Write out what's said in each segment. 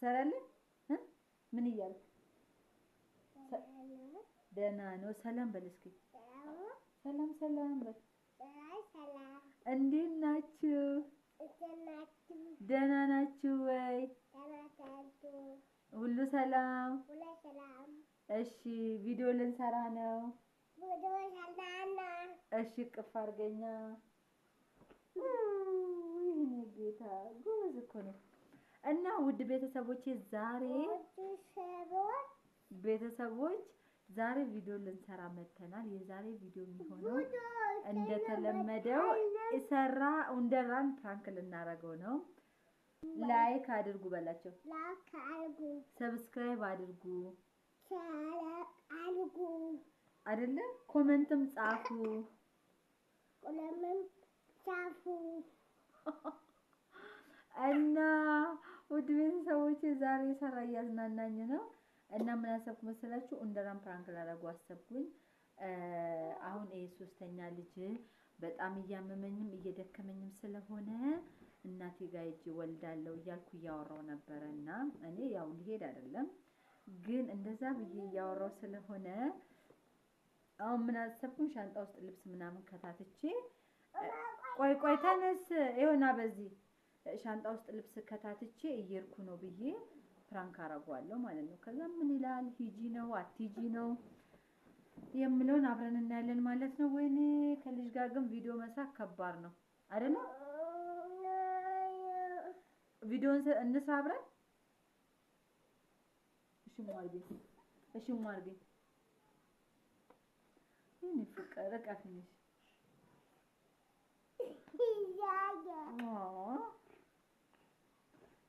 ትሰራለህ? ምን እያልክ ደህና ነው። ሰላም በል እስኪ። ሰላም ሰላም በል። እንዴት ናችሁ? ደህና ናችሁ ወይ? ሁሉ ሰላም? እሺ፣ ቪዲዮ ልንሰራ ነው። እሺ፣ ቅፍ አድርገኛ። ይሄኔ ጌታ ጎበዝ እኮ ነው። እና ውድ ቤተሰቦቼ ዛሬ ቤተሰቦች ዛሬ ቪዲዮ ልንሰራ መጥተናል። የዛሬ ቪዲዮ የሚሆነው እንደተለመደው ሰራ እንደራን ፕራንክ ልናደርገው ነው። ላይክ አድርጉ በላቸው፣ ሰብስክራይብ አድርጉ አይደለም፣ ኮመንትም ጻፉ ኮመንትም ጻፉ እና ውድ ቤተሰቦች ዛሬ ሰራ እያዝናናኝ ነው እና ምን አሰብኩ መሰላችሁ? እንደራም ፕራንክ ላደርጉ አሰብኩኝ። አሁን ይሄ ሶስተኛ ልጅ በጣም እያመመኝም እየደከመኝም ስለሆነ እናቴ ጋር ሂጅ ወልዳለሁ እያልኩ እያወራው ነበረ እና እኔ ያው ሊሄድ አይደለም ግን እንደዛ ብዬ እያወራው ስለሆነ አሁን ምን አሰብኩኝ ሻንጣ ውስጥ ልብስ ምናምን ከታትቼ ቆይ ቆይ ተነስ ይሆና በዚህ ሻንጣ ውስጥ ልብስ ከታትቼ እየርኩ ነው ብዬ ፕራንክ አረጓለሁ ማለት ነው። ከዛ ምን ይላል ሂጂ ነው አትሂጂ ነው የምለውን አብረን እናያለን ማለት ነው። ወይኔ ከልጅ ጋር ግን ቪዲዮ መስራት ከባድ ነው አይደለ? ቪዲዮ እንስራ አብረን። እሺ ማርጌ፣ እሺ ማርቢ፣ ይሄን ፍቅር ቀፍንሽ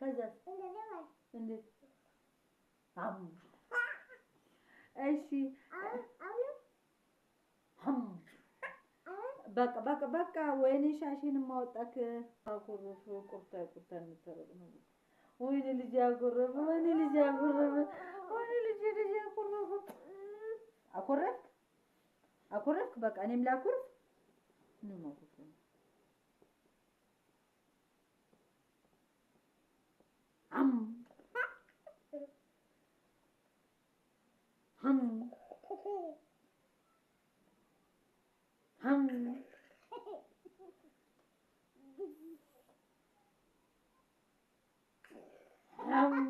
ከዛ እንዴት እሺ በቃ በቃ በቃ ወይኔ ሻሽን ማውጣት አኩሩፍ ቁርታ ቁርታ እንተረቅ ነው። ወይኔ ልጅ ያጎረበ ወይኔ ልጅ ያጎረበ ወይኔ ልጅ ልጅ ያጎረበ አኮረፍክ አኮረፍክ። በቃ እኔም ላኩርፍ ነው ማለት ነው። Hum. Hum. Hum. Hum.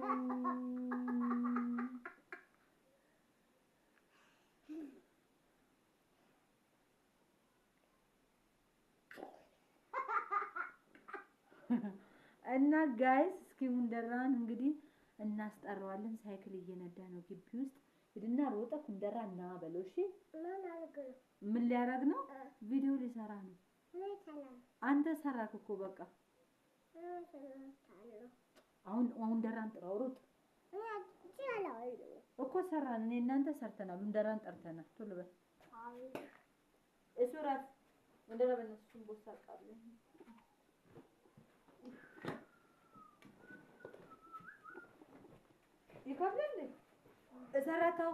and now guys እስኪ ሁንደራን እንግዲህ እናስጠራዋለን። ሳይክል እየነዳ ነው ግቢ ውስጥ ሂድና ሮጠ ሁንደራ እና በለው። እሺ ምን ሊያረግ ነው? ቪዲዮ ሊሰራ ነው። አንተ ሰራክ እኮ በቃ አሁን ሁንደራን ጥራው፣ ሩጥ እኮ ሰራን። እኔ እናንተ ሰርተናል። እንደራን ጠርተናል። ቶሎ በል እሱ ራስ እንደራ በነሱ ቦሳቃለ ይከብዳል። እሰረተው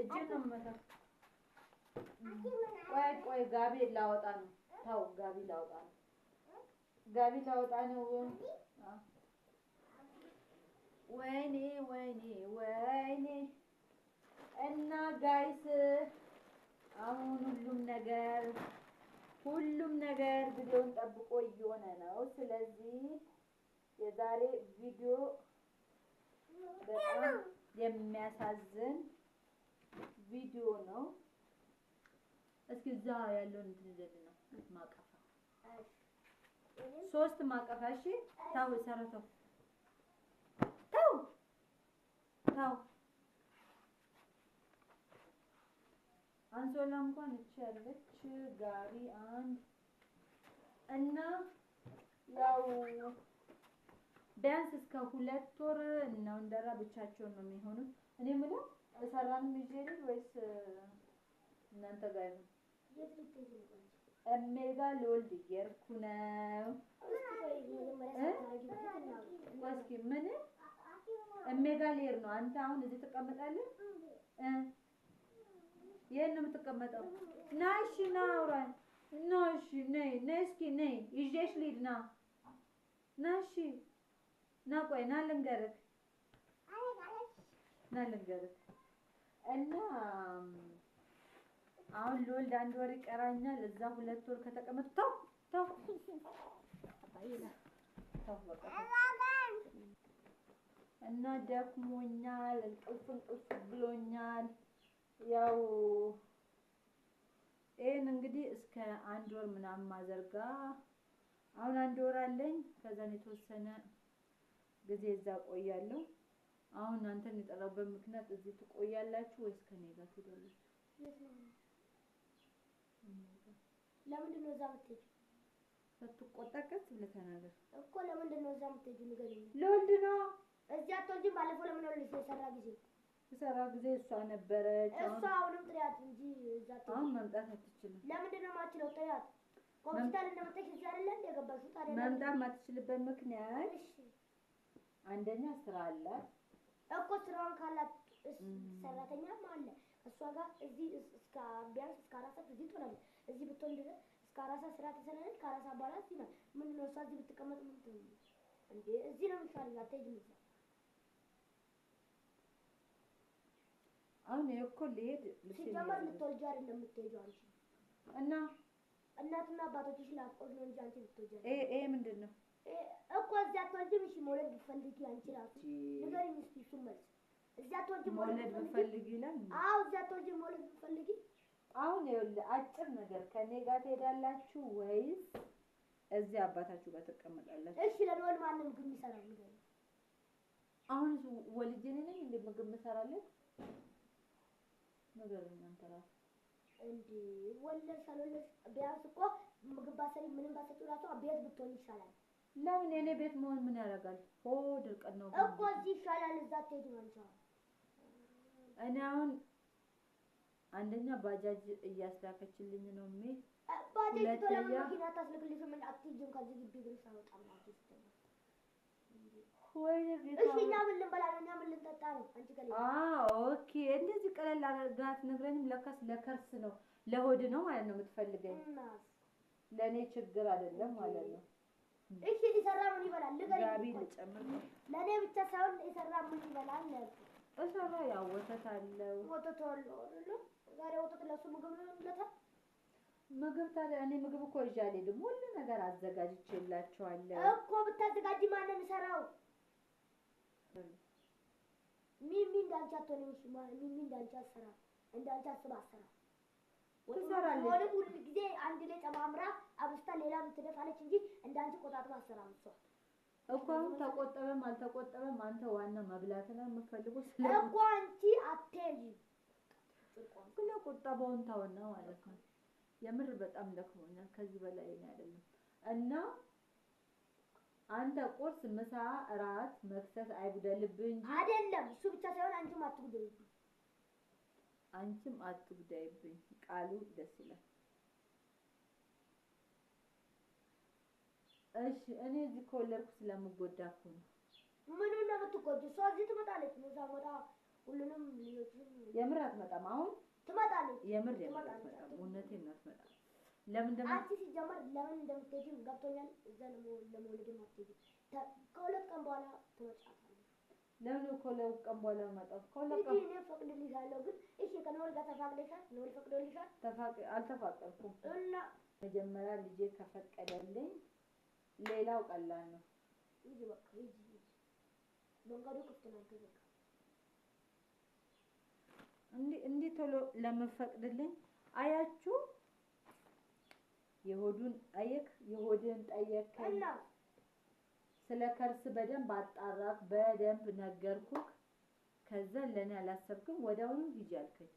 እጅ ነው የምመታው። ቆይ ቆይ፣ ጋቢ ላወጣ ነው። ተው፣ ጋቢ ላወጣ ነው። ጋቢ ላወጣ ነው። ወይኔ ወይኔ ወይኔ! እና ጋይስ አሁን ሁሉም ነገር ሁሉም ነገር ቪዲዮን ጠብቆ እየሆነ ነው። ስለዚህ የዛሬ ቪዲዮ በጣም የሚያሳዝን ቪዲዮ ነው። እስኪ እዛ ያለውን እንትን ይዘልን ነው ማቀፋ ሶስት ማቀፋ። እሺ ተው ሰረተው ተው ተው አንሶላ እንኳን እቺ ያለች ጋሪ አንድ እና ያው ቢያንስ እስከ ሁለት ወር እና እንደራ ብቻቸውን ነው የሚሆኑት። እኔ የምለው እሰራን ሚዜሪ ወይስ እናንተ ጋር ነው? ጋር ልወልድ እየሄድኩ ነው። እስኪ ምን ጋር ልሄድ ነው። አንተ አሁን እዚህ ትቀመጣለህ? የት ነው የምትቀመጠው? ና እሺ፣ ና አውራኝ ና እሺ፣ ነይ ነይ፣ እስኪ ነይ፣ ይዤሽ ልሂድ ና ና እሺ ና ቆይ ና ልንገርህ ና ልንገርህ እና አሁን ልወልድ አንድ ወር ይቀራኛል። እዛ ሁለት ወር ከተቀመጥ ተው ተው እና ደክሞኛል፣ እንቅልፍ እንቅልፍ ብሎኛል። ያው ይሄን እንግዲህ እስከ አንድ ወር ምናምን ማዘርጋ አሁን አንድ ወር አለኝ። ከዛን የተወሰነ ጊዜ እዛ ቆያለሁ። አሁን እናንተን የጠራሁበት ምክንያት እዚህ ትቆያላችሁ ወይስ ከኔ ጋር ትሄዳላችሁ? ለምንድን ነው እዛ የምትሄጂው? ስትቆጣ ቀስ ብለህ ተናገር እኮ። ለምንድን ነው እዛ የምትሄጂው? ንገሪኝ። ለወልድ ነው እዚህ አትወልጂም። ባለፈው ለምን ወልድ የሰራ ጊዜ የሰራ ጊዜ እሷ ነበረች። እሷ አሁንም ጥሪያት እንጂ እዛ አሁን መምጣት አትችልም። ለምንድን ነው የማትችለው? ጥሪያት ኮምፒውተር እንደመጣች እዚህ አይደለ የገባችው? ታዲያ መምጣት የማትችልበት ምክንያት አንደኛ ስራ አላት እኮ ስራውን ካላት ሰራተኛም አለ እሷ ጋር እዚህ እስከ ቢያንስ እስከ አራት ሰዓት እዚህ ትሆናለች። እዚህ ብትሆን ድረስ እስከ አራት ሰዓት ስራ ትሰራለች። ከአራት ሰዓት በኋላ እዚህ ነው። ምንድን ነው እሷ እዚህ ብትቀመጥ ነው እንዴ? እዚህ ነው የምትሰራው። አትሄጂም እዛ አሁን እኮ ልሄድ ሲጀመር ልትወልጂ አይደለም የምትሄጂው አንቺ እና እናትና አባቶችሽ ናፍቆት ነው እንጂ አንቺ ልትወልጂ አይደለም። ይሄ ምንድን ነው Eh, እኮ እዚህ አትወልጂም። እሺ መውለድ ብትፈልጊ አንቺ እራሱ ንገሪኝ እስኪ እሱን መልስ። እዚህ አትወልጂም መውለድ ብትፈልጊ ይላል። አዎ እዚህ አትወልጂም መውለድ ብትፈልጊ። አሁን ይኸውልህ አጭር ነገር ከእኔ ጋር ትሄዳላችሁ ወይስ እዚህ አባታችሁ ጋር ትቀመጣላችሁ? እሺ ለልወል ማንም ግን ይሰራል ንገሪኝ። አሁን ወልጄ እኔ ነኝ እንደ ምግብ የምሰራለት ንገሪኝ አንተ እራሱ እንደ ወለድሽ አልወለድሽ ቢያንስ እኮ ምግብ ባሰሪ ምንም ባሰጪው እራሱ ቤት ብትሆን ይሻላል። ለምን የኔ ቤት መሆን ምን ያደርጋል? ሆ ድርቀት ነው እኮ እዚህ ይሻላል። እዛ ትሄድ እኔ አሁን አንደኛ ባጃጅ እያስላከችልኝ ነው ሜ ኦኬ፣ እንደዚህ ቀለል አድርጋት ለካስ ለከርስ ነው ለሆድ ነው ማለት ነው የምትፈልገኝ። ለእኔ ችግር አይደለም ማለት ነው። እሺ የሰራ ምን ይበላል? ልገሪኝ ለእኔ ብቻ ሳይሆን የሰራ ምን ይበላል? እሰራ ያው ወተት አለው። ወተት አለው ዛሬ ወተት ለሱ ምግብ ነው። ምግብ ታዲያ እኔ ምግብ እኮ አልሄድም። ሁሉ ነገር አዘጋጅቼላቸዋለሁ እኮ። ብታዘጋጅ ማነው የሚሰራው? ሚሚ እንዳንቺ አትሆንም። ሚሚ እንዳንቺ አትሰራም። እንዳንቺ አስባ አትሰራም ትሰራለች። ሆነ ሁሉ ጊዜ አንድ ላይ ጨማምራ አብስታ ሌላ ምትደፋለች እንጂ እንዳንቺ ቆጣጥባ አሰራም እሷ እኮ አሁን ተቆጠበም አልተቆጠበም አንተ ዋና መብላት ነው የምትፈልገው። እኮ አንቺ አትሄጂ ስለ ቁጠባውን ተውና ማለት ነው። የምር በጣም ደክሞኛል። ከዚህ በላይ እኔ አይደለም እና አንተ ቁርስ፣ ምሳ፣ እራት፣ መክሰስ አይጉደልብህ እንጂ አይደለም። እሱ ብቻ ሳይሆን አንቺም አትጉደይብኝ፣ አንቺም አትጉደይብኝ። ቃሉ ደስ ይላል። እሺ እኔ እዚህ ከወለድኩ ስለምጎዳ እኮ ነው። ምን ነው የምትጎጂው? እሷ እዚህ ትመጣለች። እዛ ሞታ ሁሉንም የምር አትመጣም። አሁን ትመጣለች። የምር የምር አትመጣም። እውነቴን ነው አትመጣም። ለምን ደግሞ አንቺ ሲጀመር ለምን እንደምትሄጂም ገብቶኛል። እዛ ለመውለድ ለመውለድ ማትሄጂ ከሁለት ቀን በኋላ ትመጫለች። ለምን እኮ ለቀን በኋላ መጣሁ እኮ ለቀን እኔ ፈቅድልሻለሁ፣ ግን እሺ ከኖር ጋር ተፋቅደሻል? ኖር ፈቅዶልሻል? ተፋቅ አልተፋቀርኩም እና መጀመሪያ ልጄ ከፈቀደልኝ ሌላው ቀላል ነው። ሂጂ በቃ ሂጂ ሂጂ፣ መንገዱ ክፍት ነው። ሂጂ በቃ እንዲህ እንዲህ ቶሎ ለመፈቅድልኝ አያችሁ፣ የሆዱን አየክ የሆድን ጠየቅ እና ስለ ከርስ በደንብ አጣራት በደንብ ነገርኩ ከዛ ለእኔ አላሰብክም፣ ወዲያውኑ ሂጂ አልከኝ።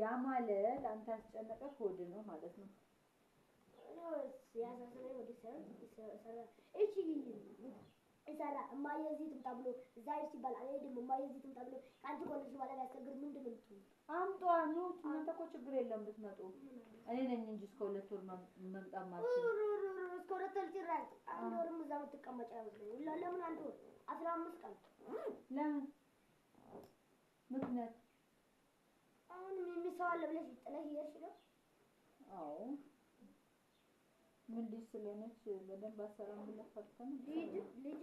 ያ ማለት አንተ ያስጨነቀህ ሆድ ነው ማለት ነው። ነው እናንተ እኮ ችግር የለም ብትመጡ። እኔ ነኝ እንጂ እስከ ሁለት ወር መምጣት ማለት ነው ብትቀመጭ አይመስለኝም። ለምን አንዱ ወር አስራ አምስት ቀን ለምን ምክንያት አሁንም የሚሰው አለ ብለሽ ጥለሽ እየሄድሽ ነው? አዎ ምን ልጅ ስለሆነች በደንብ አሰራም ብለህ ልጅ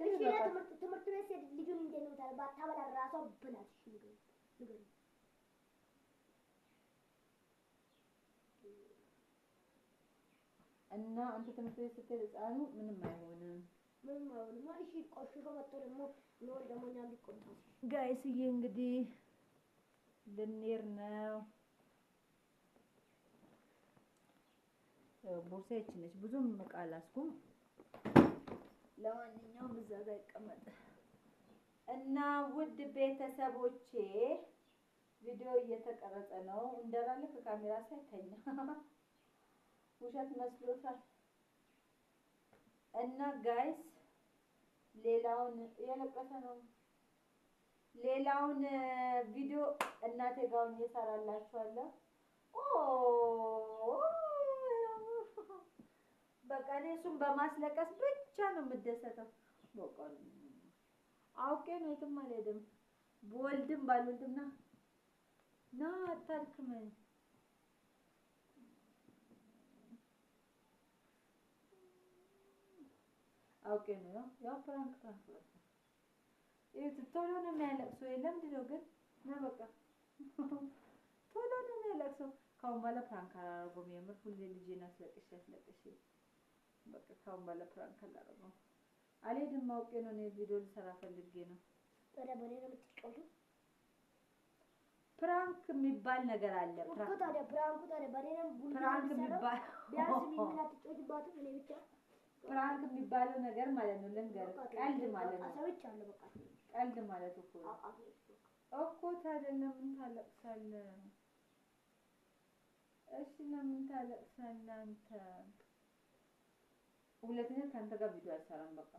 ልጅ ትምህርት ቤት ልጁን እንዴት ነው ታዲያ ባታበላ እራሷ ብላት እና አንተ ትምህርት ቤት ስትሄድ ህፃኑ ምንም አይሆንም። ጋይስዬ እንግዲህ ልንሄድ ነው። ቦርሳ ይችነች ብዙም አላስኩም። ለማንኛውም እዛ ጋር ይቀመጥ እና ውድ ቤተሰቦቼ ቪዲዮ እየተቀረጸ ነው። እንደራለ ከካሜራ ሳይተኛ ውሸት መስሎታል። እና ጋይስ ሌላውን እየለቀሰ ነው። ሌላውን ቪዲዮ እናቴ ጋውን ሆኜ እሰራላችኋለሁ። በቃ እኔ እሱን በማስለቀስ ብቻ ነው የምደሰተው። አውቄ ነው የትም አልሄድም፣ በወልድም ባልወልድም ና ና አታልክም አውቄ ነው። ያው ፕራንክ ፕራንክ ነው። እት ቶሎ ነው የሚያለቅሰው። ለምንድን ነው ግን ነው በቃ ቶሎ ነው የሚያለቅሰው። ካሁን በኋላ ፕራንክ አላደርገውም። የምር ሁሌ ልጄን አስለቅሼ አስለቅሼ በቃ ካሁን በኋላ ፕራንክ አላደርገውም። አልሄድም። አውቄ ነው እኔ ቪዲዮ ልሰራ ፈልጌ ነው። ፕራንክ የሚባል ነገር አለ። ፕራንክ ፕራንክ የሚባል ፍራንክ የሚባለው ነገር ማለት ነው። ልንገርህ፣ ቀልድ ማለት ነው። ቀልድ ማለት እኮ እኮ ታዲያ ለምን ታለቅሳለ? እሺ ለምን ታለቅሳለህ አንተ? ሁለተኛ ከአንተ ጋር ቪዲዮ አልሰራም። በቃ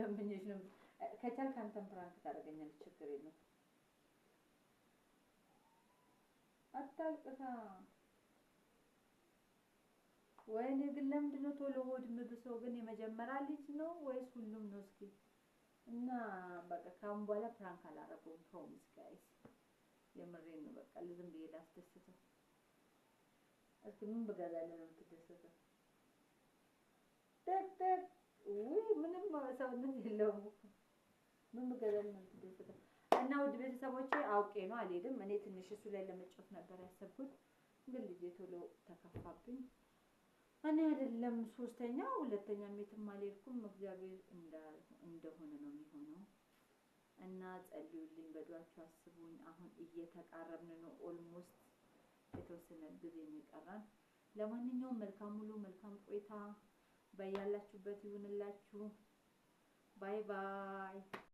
ለምኜሽ ነው። ከቻልክ አንተም ፍራንክ ታደርገኛለች። ችግር የለም። አታልቅሳ ወይኔ ግን ነው ቶሎ ሆድ የምብሰው? ግን የመጀመሪያ ልጅ ነው ወይስ ሁሉም ነው? እስኪ እና በቃ ካሁን በኋላ ፕራንክ አላረገውም። ፕሮሚስ ጋይስ፣ የምሬን ነው። በቃ ዝም ብዬ ላስደስተው። እስኪ ምን ብገዛልህ ነው የምትደሰተው? ጠቅጠቅ ውይ፣ ምንም ሰውነት የለውም። ምን ብገዛልህ ነው የምትደሰተው? እና ውድ ቤተሰቦቼ አውቄ ነው አልሄድም። እኔ ትንሽ እሱ ላይ ለመጫወት ነበር ያሰብኩት፣ ግን ልጄ ቶሎ ተከፋብኝ። እኔ አይደለም ሶስተኛ ሁለተኛ ቤትም አልሄድኩም። እግዚአብሔር እንደሆነ ነው የሚሆነው። እና ጸልዩልኝ፣ በዱዓችሁ አስቡኝ። አሁን እየተቃረብን ነው። ኦልሞስት የተወሰነ ጊዜ የሚቀራን። ለማንኛውም መልካም ሙሉ መልካም ቆይታ በያላችሁበት ይሁንላችሁ። ባይ ባይ።